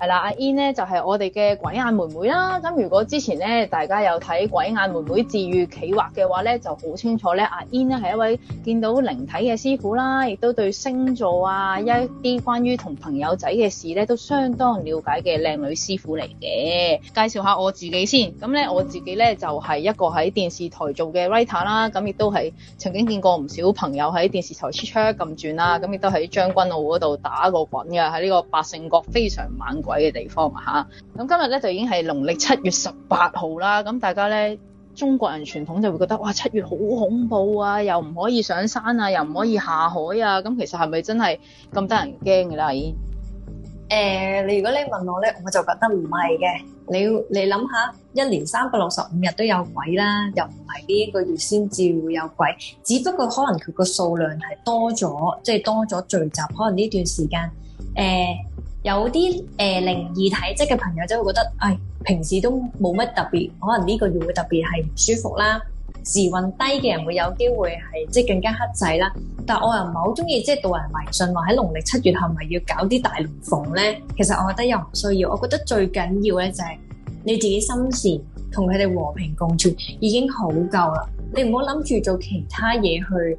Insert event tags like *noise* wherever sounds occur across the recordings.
係啦，阿 In 咧就係、是、我哋嘅鬼眼妹妹啦。咁如果之前咧大家有睇鬼眼妹妹治愈企劃嘅話咧，就好清楚咧。阿 In 咧係一位見到靈體嘅師傅啦，亦都對星座啊一啲關於同朋友仔嘅事咧都相當了解嘅靚女師傅嚟嘅。介紹下我自己先。咁咧我自己咧就係、是、一個喺電視台做嘅 writer 啦。咁亦都係曾經見過唔少朋友喺電視台出車咁轉啦。咁亦都喺將軍澳嗰度打過滾嘅，喺呢個百勝角非常猛鬼嘅地方啊，吓，咁今日咧就已經係農曆七月十八號啦。咁大家咧，中國人傳統就會覺得哇，七月好恐怖啊，又唔可以上山啊，又唔可以下海啊。咁、嗯、其實係咪真係咁得人驚㗎啦？已經誒，你如果你問我咧，我就覺得唔係嘅。你你諗下，一年三百六十五日都有鬼啦，又唔係呢一個月先至會有鬼，只不過可能佢個數量係多咗，即係多咗聚集。可能呢段時間誒。嗯有啲誒、呃、靈異體質嘅朋友，就會覺得，唉，平時都冇乜特別，可能呢個月會特別係唔舒服啦。時運低嘅人會有機會係即係更加黑仔啦。但我又唔係好中意即係導人迷信，話喺農曆七月係咪要搞啲大龍鳳咧？其實我覺得又唔需要。我覺得最緊要咧就係你自己心事同佢哋和平共處已經好夠啦。你唔好諗住做其他嘢去。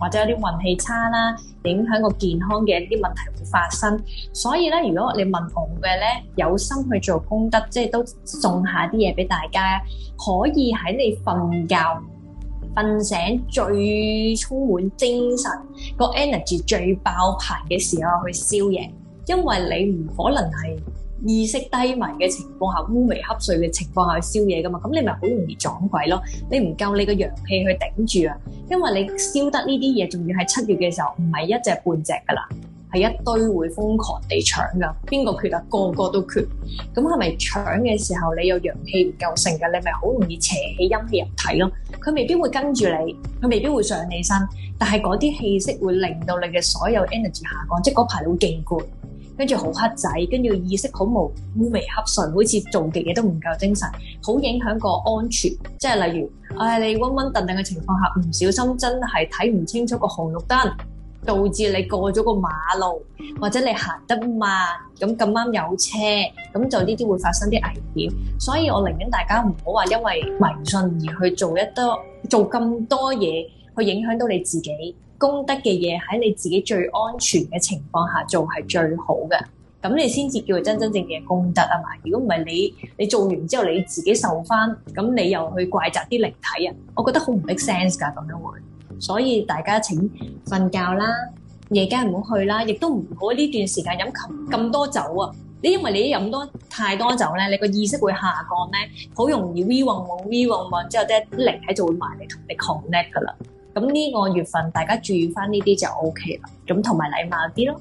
或者有啲運氣差啦，影響個健康嘅一啲問題會發生。所以咧，如果你問我嘅咧，有心去做功德，即係都送下啲嘢俾大家，可以喺你瞓覺、瞓醒最充滿精神、個 energy 最爆棚嘅時候去燒嘢，因為你唔可能係，意識低迷嘅情況下，烏眉瞌睡嘅情況下去燒嘢噶嘛，咁你咪好容易撞鬼咯！你唔夠你個陽氣去頂住啊，因為你燒得呢啲嘢，仲要喺七月嘅時候，唔係一隻半隻噶啦，係一堆會瘋狂地搶噶。邊個缺啊？個個都缺，咁係咪搶嘅時候你有陽氣唔夠盛㗎？你咪好容易邪氣陰氣入體咯。佢未必會跟住你，佢未必會上起身，但係嗰啲氣息會令到你嘅所有 energy 下降，即係嗰排會勁攰。跟住好黑仔，跟住意識好冇烏眉恰睡，好似做極嘢都唔夠精神，好影響個安全。即係例如，唉、哎，你温温頓頓嘅情況下，唔小心真係睇唔清楚個紅綠燈，導致你過咗個馬路，或者你行得慢，咁咁啱有車，咁就呢啲會發生啲危險。所以我寧願大家唔好話因為迷信而去做一多做咁多嘢，去影響到你自己。功德嘅嘢喺你自己最安全嘅情況下做係最好嘅，咁你先至叫做真真正正嘅功德啊嘛！如果唔係你你做完之後你自己受翻，咁你又去怪責啲靈體啊，我覺得好唔 make sense 㗎咁樣喎。所以大家請瞓覺啦，夜間唔好去啦，亦都唔好呢段時間飲咁多酒啊！你因為你一飲多太多酒咧，你個意識會下降咧，好容易 wee 望望 wee 望望之後啲靈體就會埋嚟同你 connect 㗎啦。咁呢個月份大家注意翻呢啲就 O K 啦，咁同埋禮貌啲咯。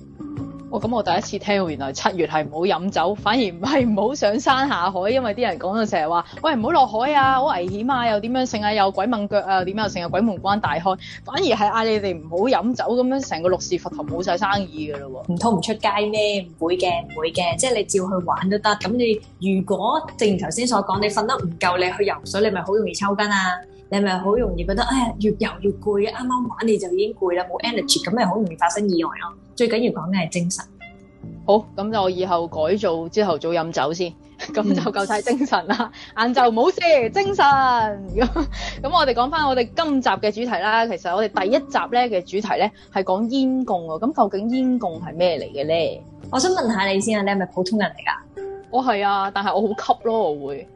我咁、哦、我第一次聽，原來七月係唔好飲酒，反而唔係唔好上山下海，因為啲人講到成日話，喂唔好落海啊，好危險啊，又點樣成啊，又鬼掹腳啊，點又成日鬼門關大開，反而係嗌你哋唔好飲酒咁樣，成個六事佛頭冇晒生意噶嘞喎，唔通唔出街咩？唔會嘅，唔會嘅，即係你照去玩都得。咁你如果正如頭先所講，你瞓得唔夠，你去游水，你咪好容易抽筋啊！你咪好容易覺得哎呀越游越攰，啱啱玩你就已經攰啦，冇 energy，咁咪好容易發生意外咯。最緊要講嘅係精神。好，咁就以後改做朝頭早飲酒先，咁 *laughs* 就夠晒精神啦。晏晝冇事，精神。咁 *laughs* 我哋講翻我哋今集嘅主題啦。其實我哋第一集咧嘅主題咧係講煙供啊。咁究竟煙供係咩嚟嘅咧？我想問下你先啊，你係咪普通人嚟噶？我係、哦、啊，但係我好吸咯，我會。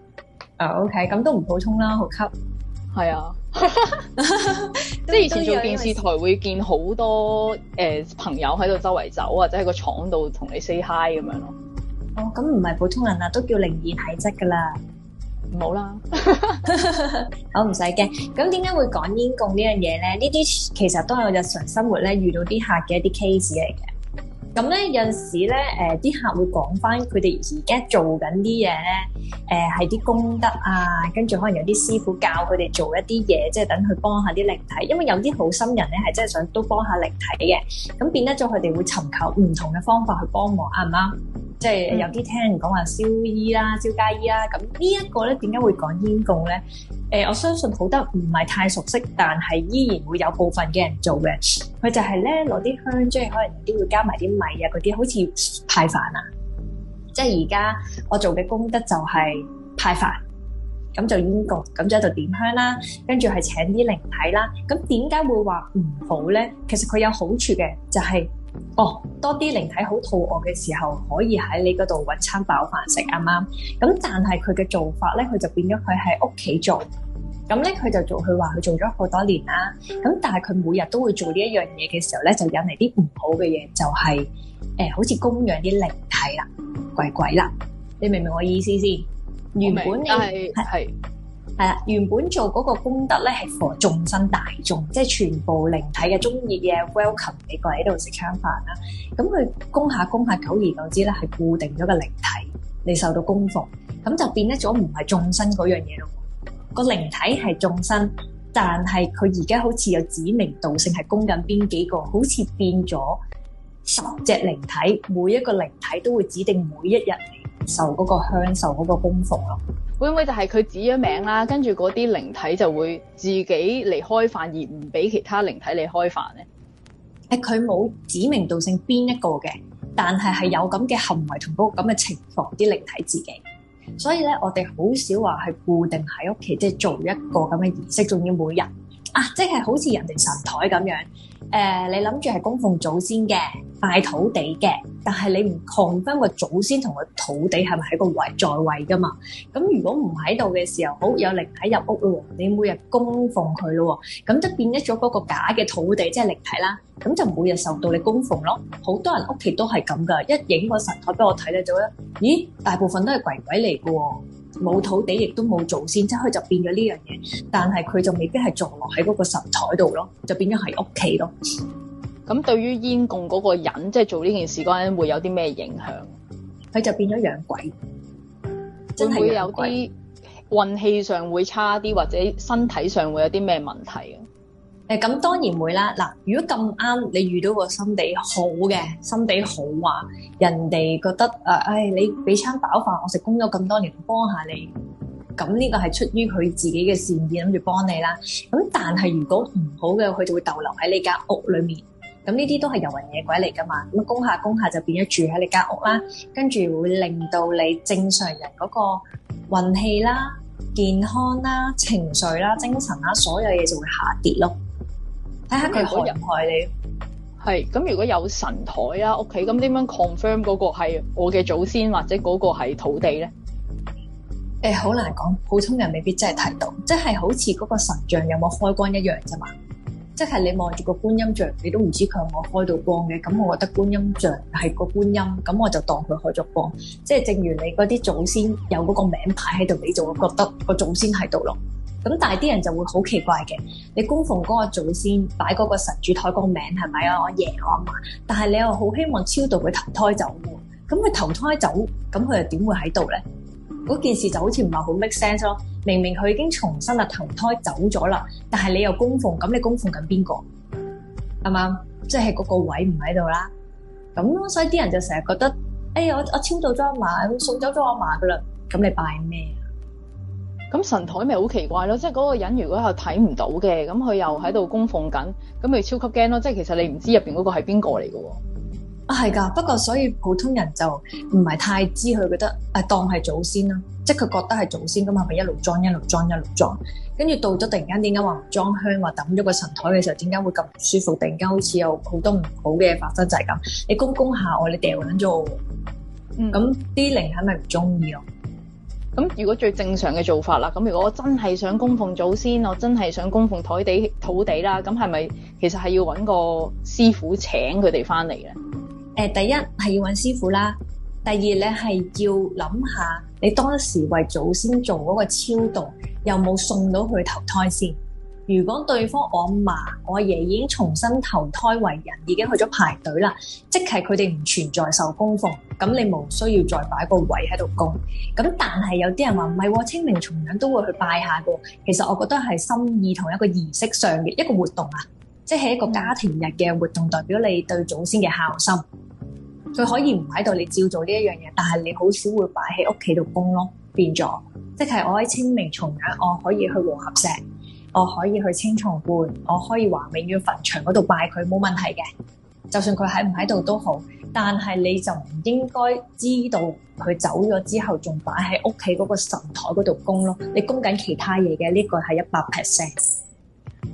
啊，OK，咁都唔普通啦，好吸。係啊， *laughs* 即係以前做電視台會見好多誒、 *laughs* 呃、朋友喺度周圍走，或者喺個廠度同你 say hi 咁樣咯。哦，咁唔係普通人啊，都叫靈異體質噶啦，唔好啦，好唔使驚。咁點解會講煙供呢樣嘢咧？呢啲其實都係我日常生活咧遇到啲客嘅一啲 case 嚟嘅。咁咧有陣時咧，誒啲客會講翻佢哋而家做緊啲嘢咧，誒係啲功德啊，跟住可能有啲師傅教佢哋做一啲嘢，即係等佢幫下啲靈體，因為有啲好心人咧，係真係想都幫下靈體嘅，咁變得咗佢哋會尋求唔同嘅方法去幫忙，啱唔啱？即係有啲聽人講話燒衣啦、燒家衣啦，咁呢一個咧點解會講煙供咧？誒、欸，我相信好得唔係太熟悉，但係依然會有部分嘅人做嘅。佢就係咧攞啲香，即係可能有啲會加埋啲米啊嗰啲，好似派飯啊。即係而家我做嘅功德就係派飯，咁就煙供，咁就喺度點香啦，跟住係請啲靈體啦。咁點解會話唔好咧？其實佢有好處嘅，就係，就係哦多啲靈體好肚餓嘅時候，可以喺你嗰度揾餐飽飯食，啱啱？咁但係佢嘅做法咧，佢就變咗佢喺屋企做。咁咧，佢就做佢話佢做咗好多年啦。咁但係佢每日都會做呢一樣嘢嘅時候咧，就引嚟啲唔好嘅嘢，就係誒，好似供養啲靈體啦、鬼鬼啦。你明唔明我意思先？原本你係係啦，原本做嗰個功德咧，係 for 眾生大眾，即係全部靈體嘅中意嘅 welcome，你過嚟度食餐飯啦。咁佢供下供下，久而久之咧，係固定咗個靈體，你受到供奉，咁就變咗唔係眾生嗰樣嘢咯。個靈體係眾生，但係佢而家好似有指名道姓係供緊邊幾個，好似變咗十隻靈體，每一個靈體都會指定每一日受嗰個香受嗰個供奉咯。會唔會就係佢指咗名啦？跟住嗰啲靈體就會自己嚟開飯，而唔俾其他靈體嚟開飯咧？係佢冇指名道姓邊一個嘅，但係係有咁嘅行為同嗰個咁嘅情況，啲靈體自己。所以咧，我哋好少話係固定喺屋企，即係做一個咁嘅儀式，仲要每日。啊，即係好似人哋神台咁樣，誒、呃，你諗住係供奉祖先嘅、拜土地嘅，但係你唔控翻個祖先同個土地係咪喺個位在位噶嘛？咁如果唔喺度嘅時候，好有靈體入屋咯，你每日供奉佢咯，咁即係變咗咗嗰個假嘅土地，即係靈體啦，咁就每日受到你供奉咯。好多人屋企都係咁噶，一影個神台俾我睇咧，就得咦，大部分都係鬼鬼嚟噶喎。冇土地，亦都冇祖先，即係佢就變咗呢樣嘢。但係佢就未必係坐落喺嗰個神台度咯，就變咗喺屋企咯。咁對於煙供嗰個人，即係做呢件事嗰陣會有啲咩影響？佢就變咗養鬼，會唔會有啲運氣上會差啲，或者身體上會有啲咩問題嘅？咁當然會啦。嗱，如果咁啱你遇到個心地好嘅，心地好啊，人哋覺得誒，唉，你俾餐飽飯，我食工咗咁多年，幫下你，咁呢個係出於佢自己嘅善意，諗住幫你啦。咁但係如果唔好嘅，佢就會逗留喺你間屋裏面。咁呢啲都係遊魂野鬼嚟㗎嘛。咁供下供下就變咗住喺你間屋啦，跟住會令到你正常人嗰個運氣啦、健康啦、情緒啦、精神啦，所有嘢就會下跌咯。睇下佢好人害你。係咁，如果有神台啊屋企，咁點樣 confirm 嗰個係我嘅祖先或者嗰個係土地咧？誒，好難講，普通人未必真係睇到，即係好似嗰個神像有冇開光一樣啫嘛。即係你望住個觀音像，你都唔知佢有冇開到光嘅。咁我覺得觀音像係個觀音，咁我就當佢開咗光。即係正如你嗰啲祖先有嗰個名牌喺度，你就會覺得個祖先喺度咯。咁但係啲人就會好奇怪嘅，你供奉嗰個祖先，擺嗰個神主台個名係咪啊？我爺我阿嫲，但係你又好希望超度佢投胎走嘅，咁佢投胎走，咁佢又點會喺度咧？嗰件事就好似唔係好 make sense 咯。明明佢已經重新啊投胎走咗啦，但係你又供奉，咁你供奉緊邊個？啱唔啱？即係嗰個位唔喺度啦。咁所以啲人就成日覺得，哎，我我超度咗阿嫲，送走咗阿嫲嘅啦，咁你拜咩？咁神台咪好奇怪咯，即係嗰個人如果係睇唔到嘅，咁佢又喺度供奉緊，咁咪超級驚咯！即係其實你唔知入邊嗰個係邊個嚟嘅喎。啊，係噶，不過所以普通人就唔係太知佢覺得，誒、啊、當係祖先啦，即係佢覺得係祖先咁，係咪一路裝一路裝一路裝？跟住到咗突然間，點解話唔裝香，話抌咗個神台嘅時候，點解會咁唔舒服？突然間好似有好多唔好嘅發生，就係咁。你供供下我，你掉緊咗我喎。嗯。咁啲靈係咪唔中意咯？咁如果最正常嘅做法啦，咁如果我真係想供奉祖先，我真係想供奉土地土地啦，咁係咪其實，係要搵個師傅請佢哋翻嚟咧？誒、呃，第一係要搵師傅啦，第二咧，係要諗下你當時為祖先做嗰個超度，有冇送到去投胎先？如果對方我阿嫲、我阿爺已經重新投胎為人，已經去咗排隊啦，即係佢哋唔存在受供奉，咁你無需要再擺個位喺度供。咁但係有啲人話唔係，清明重陽都會去拜下嘅。其實我覺得係心意同一個儀式上嘅一個活動啊，即係一個家庭日嘅活動，代表你對祖先嘅孝心。佢可以唔喺度，你照做呢一樣嘢，但係你好少會擺喺屋企度供咯。變咗，即係我喺清明重陽，我可以去和合石。我可以去青松觀，我可以話永遠墳場嗰度拜佢，冇問題嘅，就算佢喺唔喺度都好。但係你就唔應該知道佢走咗之後，仲擺喺屋企嗰個神台嗰度供咯。你供緊其他嘢嘅呢個係一百 percent。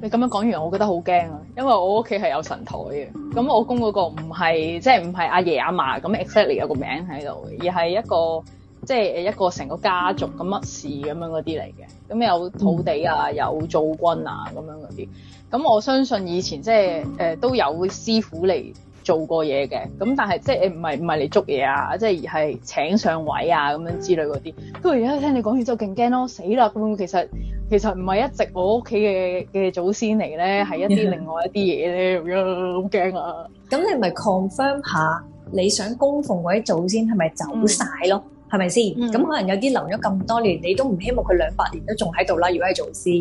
你咁樣講完，我覺得好驚啊，因為我屋企係有神台嘅。咁我供嗰個唔係即係唔係阿爺阿嫲，咁 exactly 有個名喺度，而係一個。即係一個成個家族咁乜事咁樣嗰啲嚟嘅，咁有土地啊，有灶君啊咁樣嗰啲。咁我相信以前即係誒、呃、都有師傅嚟做過嘢嘅，咁但係即係誒唔係唔係嚟捉嘢啊，即係係請上位啊咁樣之類嗰啲。不過而家聽你講完之後勁驚咯，死啦！咁其實其實唔係一直我屋企嘅嘅祖先嚟咧，係一啲另外一啲嘢咧咁樣， *laughs* *laughs* *laughs* 好驚啊！咁你咪 confirm 下你想供奉位祖先係咪走晒咯？ *laughs* 係咪先？咁、嗯、可能有啲留咗咁多年，你都唔希望佢兩百年都仲喺度啦。如果係祖先，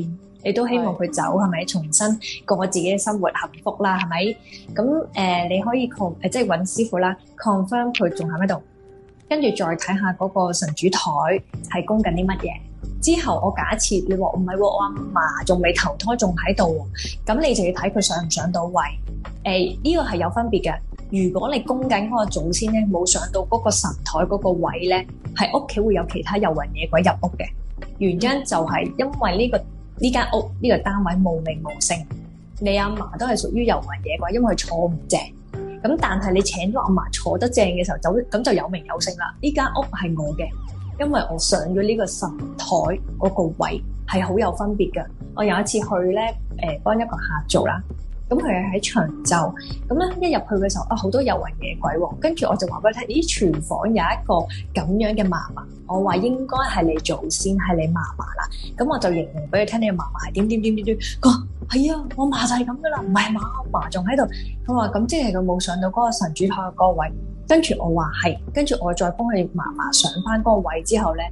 你都希望佢走，係咪對？重新過我自己嘅生活，幸福啦，係咪？咁誒、呃，你可以 confirm、呃、即係揾師傅啦，confirm 佢仲喺唔喺度，跟住再睇下嗰個神主台係供緊啲乜嘢。之後我假設你話唔係喎，我阿嫲仲未投胎，仲喺度，咁你就要睇佢上唔上到位。誒、欸、呢、呢個係有分別嘅。如果你供緊嗰個祖先咧，冇上到嗰個神台嗰個位咧，係屋企會有其他遊魂野鬼入屋嘅。原因就係因為呢個呢間屋呢個單位無名無姓，你阿嫲都係屬於遊魂野鬼，因為坐唔正。咁但係你請咗阿嫲坐得正嘅時候，就咁就有名有姓啦。呢間屋係我嘅，因為我上咗呢個神台嗰個位係好有分別嘅。我有一次去咧，誒、呃、幫一個客做啦。咁佢係喺長洲，咁咧一入去嘅時候，啊好多遊魂野鬼喎、哦，跟住我就話俾佢聽，咦廚房有一個咁樣嘅嫲嫲，我話應該係你祖先係你嫲嫲啦，咁我就形容俾佢聽，你嫲嫲係點點點點點，佢話係啊，我嫲就係咁噶啦，唔係啊嘛？我嫲仲喺度，佢話咁即係佢冇上到嗰個神主牌嘅嗰個位，跟住我話係，跟住我再幫佢嫲嫲上翻嗰個位之後咧。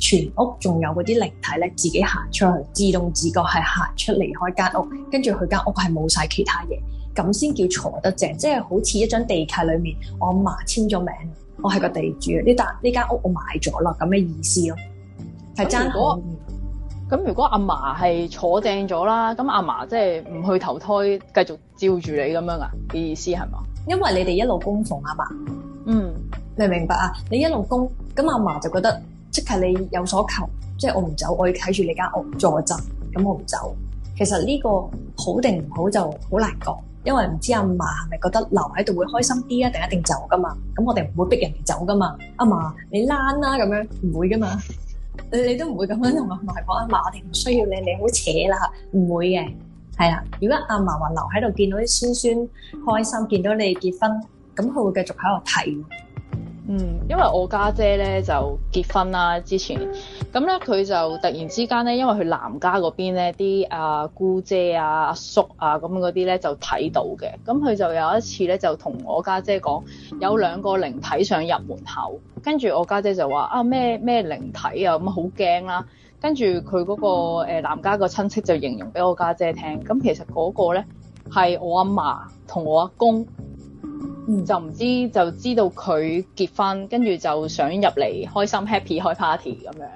全屋仲有嗰啲靈體咧，自己行出去，自動自覺係行出離開間屋，跟住佢間屋係冇晒其他嘢，咁先叫坐得正，即係好似一張地契裏面，我阿嫲簽咗名，我係個地主，呢笪呢間屋我買咗啦，咁嘅意思咯，係爭果。咁如果阿嫲係坐正咗啦，咁阿嫲即係唔去投胎，繼續照住你咁樣噶，嘅意思係嘛？因為你哋一路供奉阿嫲。嗯，你明唔明白啊？你一路供，咁阿嫲就覺得。即係你有所求，即係我唔走，我要睇住你間屋坐鎮，咁我唔走。其實呢個好定唔好就好難講，因為唔知阿嫲係咪覺得留喺度會開心啲啊，定一定走噶嘛？咁我哋唔會逼人哋走噶嘛，阿嫲你懶啦咁樣唔會噶嘛，你你都唔會咁樣同阿嫲講，阿嫲我哋唔需要你，你好扯啦唔會嘅，係啦。如果阿嫲還留喺度，見到啲孫孫開心，見到你哋結婚，咁佢會繼續喺度睇。嗯，因為我家姐咧就結婚啦，之前咁咧佢就突然之間咧，因為去男家嗰邊咧啲阿姑姐啊、阿、啊、叔，叔啊咁嗰啲咧就睇到嘅，咁、嗯、佢就有一次咧就同我家姐講有兩個靈體想入門口，跟住我家姐，姐就話啊咩咩靈體啊咁好驚啦，跟住佢嗰個誒男、呃、家個親戚就形容俾我家姐，姐聽，咁、嗯、其實嗰個咧係我阿嫲同我阿公。就唔知就知道佢結婚，跟住就想入嚟開心 happy *music* 開 party 咁樣，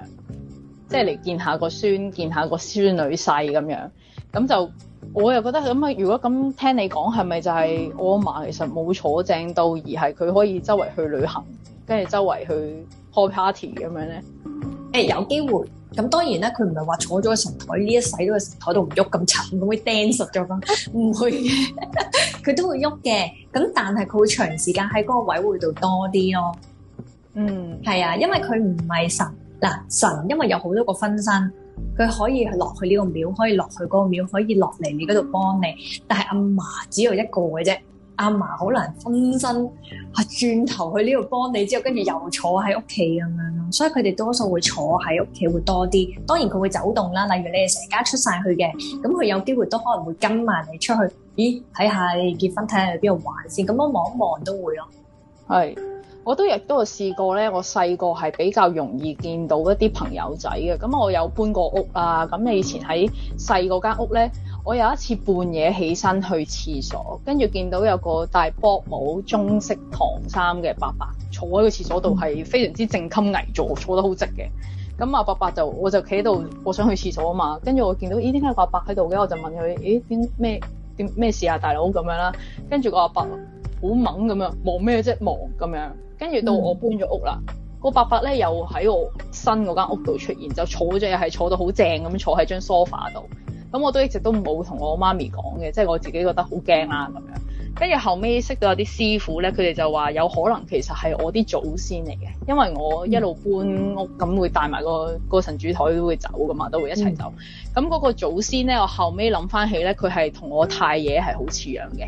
即係嚟見下個孫見下個孫女婿咁樣，咁就我又覺得咁啊，如果咁聽你講，係咪就係我阿嫲其實冇坐正到，而係佢可以周圍去旅行，跟住周圍去開 party 咁樣咧？誒、欸、有機會。咁當然咧，佢唔係話坐咗個神台呢，一世都喺個神台度唔喐咁沉，咁會釘實咗㗎？唔 *laughs* 會嘅，佢 *laughs* 都會喐嘅。咁但係佢會長時間喺嗰個位會度多啲咯。嗯，係啊，因為佢唔係神嗱、啊、神，因為有好多個分身，佢可以落去呢個廟，可以落去嗰個廟，可以落嚟你嗰度幫你。但係阿嫲只有一個嘅啫。阿嫲好難分身，啊，轉頭去呢度幫你之後，跟住又坐喺屋企咁樣咯，所以佢哋多數會坐喺屋企會多啲，當然佢會走動啦。例如你哋成家出晒去嘅，咁佢有機會都可能會跟埋你出去，咦，睇下你結婚，睇下去邊度玩先，咁樣望一望都會咯。係。我都亦都有試過咧，我細個係比較容易見到一啲朋友仔嘅。咁、嗯、我有搬過屋啊。咁、嗯、你以前喺細嗰間屋咧，我有一次半夜起身去廁所，跟住見到有個戴波帽、中式唐衫嘅伯伯坐喺個廁所度，係非常之正襟危坐，坐得好直嘅。咁阿伯伯就我就企喺度，我想去廁所啊嘛。跟住我見到咦點解阿伯伯喺度嘅？我就問佢，咦點咩點咩事啊？大佬咁樣啦。跟住個阿伯。好猛咁樣，忙咩啫？忙咁樣。跟住到我搬咗屋啦，個、嗯、伯伯咧又喺我新嗰間屋度出現，就坐咗又係坐到好正咁坐喺張梳化度，咁我都一直都冇同我媽咪講嘅，即係我自己覺得好驚啦咁樣。跟住後尾識到有啲師傅咧，佢哋就話有可能其實係我啲祖先嚟嘅，因為我一路搬屋咁、嗯、會帶埋個個神主台都會走噶嘛，都會一齊走。咁嗰、嗯、個祖先咧，我後尾諗翻起咧，佢係同我太爺係好似樣嘅。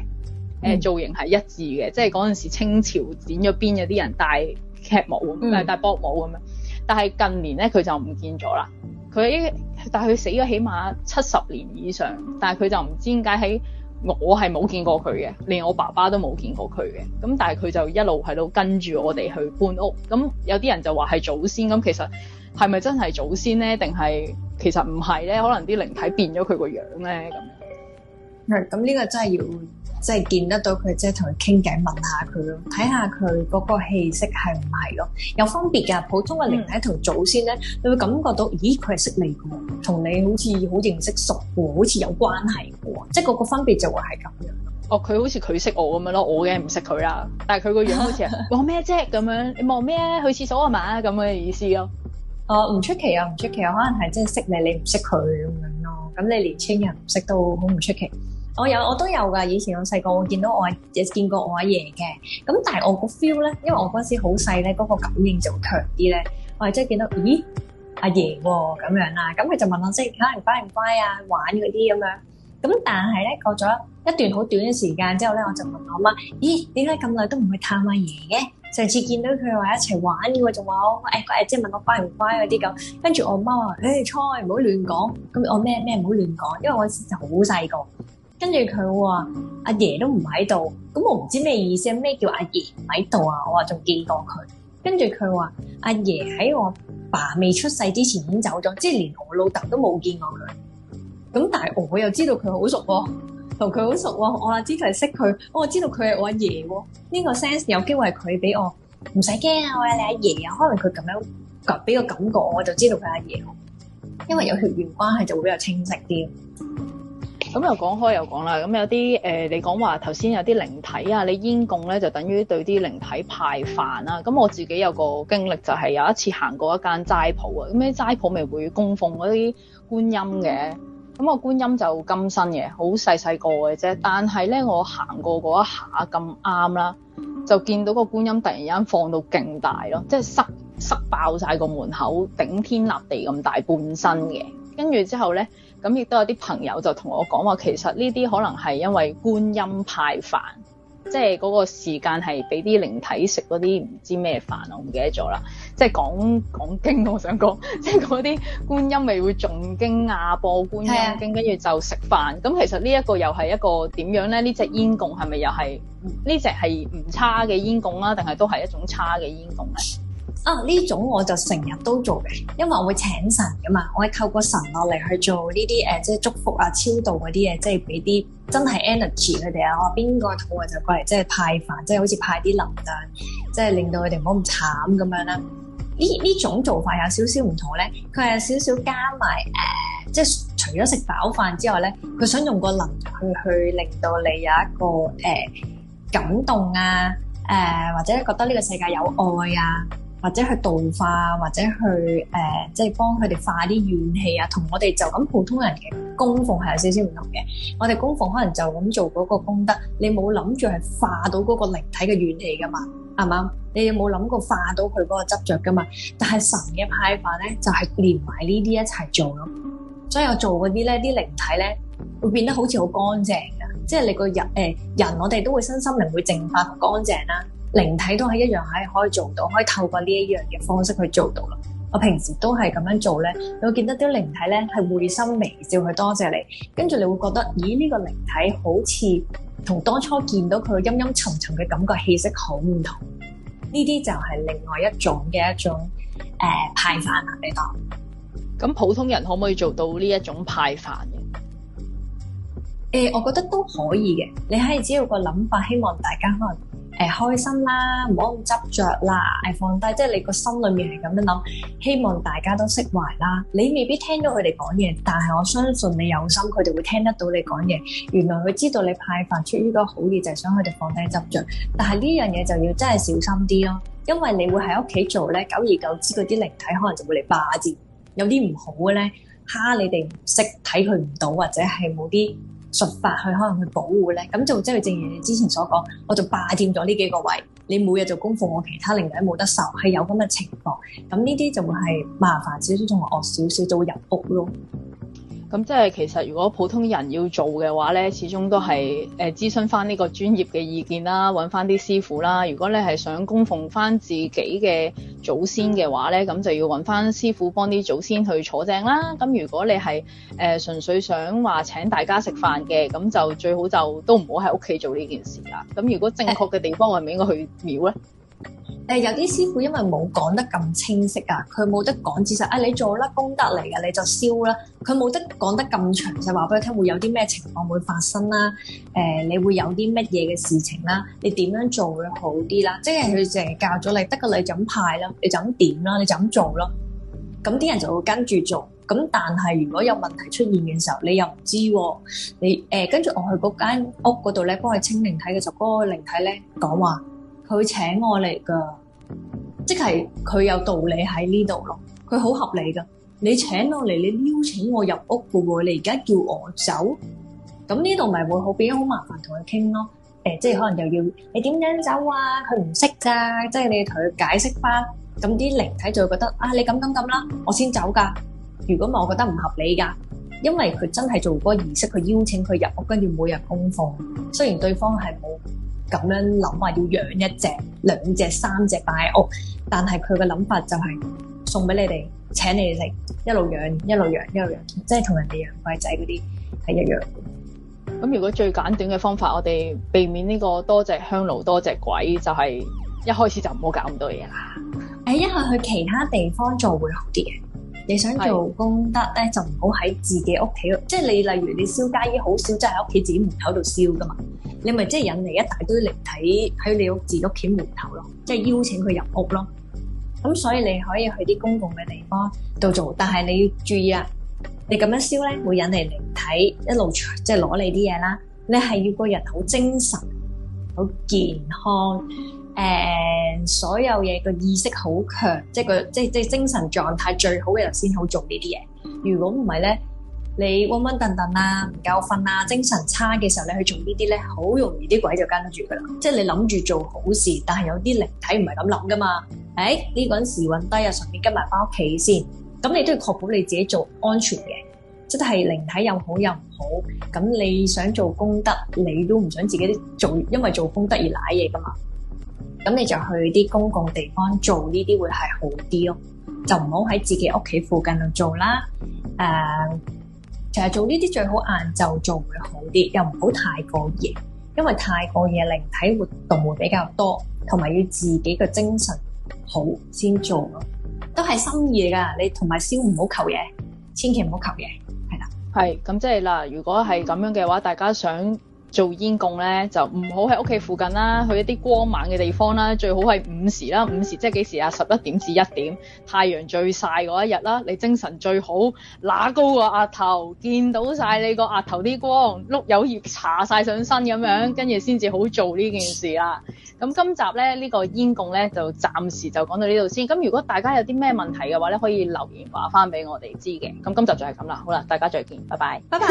誒、嗯、造型係一致嘅，即係嗰陣時清朝剪咗辮，有啲人戴劇帽，帽，嗯、戴戴博帽咁樣。但係近年咧佢就唔見咗啦。佢但係佢死咗起碼七十年以上，但係佢就唔知點解喺我係冇見過佢嘅，連我爸爸都冇見過佢嘅。咁但係佢就一路喺度跟住我哋去搬屋。咁有啲人就話係祖先，咁其實係咪真係祖先咧？定係其實唔係咧？可能啲靈體變咗佢個樣咧咁。係，咁呢、嗯、個真係要。即係見得到佢，即係同佢傾偈，問下佢咯，睇下佢嗰個氣息係唔係咯，有分別嘅。普通嘅靈體同祖先咧，嗯、你會感覺到，咦，佢係識你嘅，同你好似好認識熟嘅，好似有關係嘅，即係嗰個分別就會係咁樣。哦，佢好似佢識我咁樣咯，我梗係唔識佢啦，嗯、但係佢個樣好似望咩啫咁樣，你望咩啊？去廁所啊嘛，咁嘅意思咯。哦，唔出奇啊，唔出奇啊，可能係真係識你，你唔識佢咁樣咯。咁你年青人唔識都好唔出奇。我有我都有噶，以前我細個我見到我阿，亦見過我阿爺嘅。咁但係我個 feel 咧，因為我嗰時好細咧，嗰個感應就會強啲咧。我即係見到，咦，阿爺咁樣啦。咁佢就問我即係，可能乖唔乖啊，玩嗰啲咁樣。咁但係咧過咗一段好短嘅時間之後咧，我就問我媽，咦，點解咁耐都唔去探阿爺嘅？上次見到佢話一齊玩嘅，仲有誒誒，即係問我乖唔乖嗰啲咁。跟住我媽話，誒，菜，唔好亂講。咁我咩咩唔好亂講，因為我時就好細個。跟住佢話：阿爺都唔喺度，咁我唔知咩意思，咩叫阿爺唔喺度啊？我話仲見過佢。跟住佢話：阿爺喺我爸未出世之前已經走咗，即係連我老豆都冇見過佢。咁但係我又知道佢好熟喎，同佢好熟喎。我話知佢識佢，我我知道佢係我，我阿爺喎。呢個 sense 有機會係佢俾我，唔使驚啊！我係你阿爺啊，可能佢咁樣俾個感覺，我就知道佢阿爺。因為有血緣關係就會比較清晰啲。咁、嗯、又講開又講啦，咁、嗯、有啲誒、呃，你講話頭先有啲靈體啊，你煙供咧就等於對啲靈體派飯啦。咁、嗯、我自己有個經歷就係有一次行過一間齋鋪啊，咁、嗯、啲齋鋪咪會供奉嗰啲觀音嘅。咁、嗯、個觀音就金身嘅，好細細個嘅啫。但係咧，我行過嗰一下咁啱啦，就見到個觀音突然間放到勁大咯，即係塞塞爆晒個門口，頂天立地咁大半身嘅。跟住之後呢，咁亦都有啲朋友就同我講話，其實呢啲可能係因為觀音派飯，即係嗰個時間係俾啲靈體食嗰啲唔知咩飯，我唔記得咗啦。即係講講經，我想講，即係嗰啲觀音咪會誦經啊，播觀音經，跟住的就食飯。咁其實呢一個又係一個點樣呢？呢隻煙供係咪又係呢隻係唔差嘅煙供啦，定係都係一種差嘅煙供咧？啊！呢種我就成日都做嘅，因為我會請神㗎嘛。我係透過神落嚟去做呢啲誒，即係祝福啊、超度嗰啲嘢，即係俾啲真係 energy 佢哋啊。我話邊、啊、個肚餓就過嚟，即係派飯，即係好似派啲能量，即係令到佢哋唔好咁慘咁樣啦。呢呢種做法有少少唔同咧，佢係有少少加埋誒、呃，即係除咗食飽飯之外咧，佢想用個能量去去令到你有一個誒、呃、感動啊，誒、呃、或者覺得呢個世界有愛啊。或者去度化，或者去誒，即、呃、係、就是、幫佢哋化啲怨氣啊。同我哋就咁普通人嘅供奉係有少少唔同嘅。我哋供奉可能就咁做嗰個功德，你冇諗住係化到嗰個靈體嘅怨氣噶嘛，係嘛？你有冇諗過化到佢嗰個執著噶嘛？但係神嘅派法咧，就係、是、連埋呢啲一齊做咯。所以我做嗰啲咧，啲靈體咧會變得好似好乾淨㗎，即係你個人誒人，呃、人我哋都會身心靈會淨化同乾淨啦、啊。靈體都係一樣，係可以做到，可以透過呢一樣嘅方式去做到啦。我平時都係咁樣做咧，你會見到啲靈體咧係會心微笑去多謝你，跟住你會覺得，咦？呢個靈體好似同當初見到佢陰陰沉沉嘅感覺氣息好唔同。呢啲就係另外一種嘅一種誒、呃、派飯啦、啊，你講。咁普通人可唔可以做到呢一種派飯嘅？誒、欸，我覺得都可以嘅。你係只要個諗法，希望大家可能。誒、哎、開心啦，唔好咁執着啦，誒、哎、放低，即係你個心裏面係咁樣諗，希望大家都釋懷啦。你未必聽到佢哋講嘢，但係我相信你有心，佢哋會聽得到你講嘢。原來佢知道你派發出於個好意，就係、是、想佢哋放低執着。但係呢樣嘢就要真係小心啲咯，因為你會喺屋企做咧，久而久之嗰啲靈體可能就會嚟霸佔，有啲唔好嘅咧，蝦你哋唔識睇佢唔到，或者係冇啲。術法去可能去保護咧，咁就即係正如你之前所講，我就霸佔咗呢幾個位，你每日就供奉我，其他靈體冇得受，係有咁嘅情況，咁呢啲就會係麻煩少少，仲惡少少，就會入屋咯。咁即係其實，如果普通人要做嘅話呢，始終都係誒、呃、諮詢翻呢個專業嘅意見啦，揾翻啲師傅啦。如果你係想供奉翻自己嘅祖先嘅話呢，咁就要揾翻師傅幫啲祖先去坐正啦。咁如果你係誒、呃、純粹想話請大家食飯嘅，咁就最好就都唔好喺屋企做呢件事啦。咁如果正確嘅地方，係咪應該去廟呢？誒，有啲師傅因為冇講得咁清晰啊，佢冇得講，只是啊，你做啦，功德嚟嘅，你就燒啦。佢冇得講得咁詳細，話俾佢聽會有啲咩情況會發生啦。誒，你會有啲乜嘢嘅事情啦？你點樣做會好啲啦？即係佢淨係教咗你，得個你就咁派啦，你就咁點啦，你就咁做囉？咁啲人就會跟住做。咁但係如果有問題出現嘅時候，你又唔知。你誒，跟住我去嗰間屋嗰度咧，幫佢清靈體嘅時候，嗰個靈體咧講話。佢請我嚟噶，即係佢有道理喺呢度咯。佢好合理噶。你請我嚟，你邀請我入屋喎。你而家叫我走，咁呢度咪會好畀好麻煩，同佢傾咯。誒，即係可能又要你點樣走啊？佢唔識咋，即係你要同佢解釋翻。咁啲靈體就會覺得啊，你咁咁咁啦，我先走噶。如果唔係，我覺得唔合理噶，因為佢真係做嗰個儀式，佢邀請佢入屋，跟住每日供奉。雖然對方係冇。咁樣諗話要養一隻、兩隻、三隻擺喺屋，但係佢嘅諗法就係送俾你哋，請你哋食，一路養，一路養，一路養，即係同人哋養鬼仔嗰啲係一樣嘅。咁如果最簡短嘅方法，我哋避免呢個多隻香爐、多隻鬼，就係一開始就唔好搞咁多嘢啦。誒、哎，一係去其他地方做會好啲嘅。你想做功德咧，的就唔好喺自己屋企，即係你例如你燒街衣，好少即係喺屋企自己門口度燒噶嘛。你咪即係引嚟一大堆靈體喺你屋、自屋企門頭咯，即係邀請佢入屋咯。咁所以你可以去啲公共嘅地方度做，但係你要注意啊！你咁樣燒咧，會引嚟靈體一路即係攞你啲嘢啦。你係要個人好精神、好健康，誒、呃，所有嘢個意識好強，即係個即係即係精神狀態最好嘅人先好做呢啲嘢。如果唔係咧，你昏昏沌沌啊，唔夠瞓啊，精神差嘅時候，你去做呢啲咧，好容易啲鬼就跟住噶啦。即係你諗住做好事，但係有啲靈體唔係咁諗噶嘛。誒，呢個陣時運低啊，順便跟埋翻屋企先。咁你都要確保你自己做安全嘅。即係靈體又好又唔好，咁你想做功德，你都唔想自己做，因為做功德而瀨嘢噶嘛。咁你就去啲公共地方做呢啲會係好啲咯，就唔好喺自己屋企附近度做啦。誒。其實做呢啲最好晏晝做會好啲，又唔好太過夜，因為太過夜靈體活動會比較多，同埋要自己嘅精神好先做咯。都係心意嚟噶，你同埋燒唔好求嘢，千祈唔好求嘢，係啦。係，咁即係啦，如果係咁樣嘅話，大家想。做煙供咧就唔好喺屋企附近啦，去一啲光猛嘅地方啦，最好係午時啦，午時即係幾時啊？十一點至一點，太陽最曬嗰一日啦，你精神最好，擸高個額頭，見到晒你個額頭啲光，碌柚葉搽晒上身咁樣，跟住先至好做呢件事啦。咁今集咧呢，呢個煙供咧就暫時就講到呢度先。咁如果大家有啲咩問題嘅話咧，可以留言話翻俾我哋知嘅。咁今集就係咁啦，好啦，大家再見，拜拜，拜拜。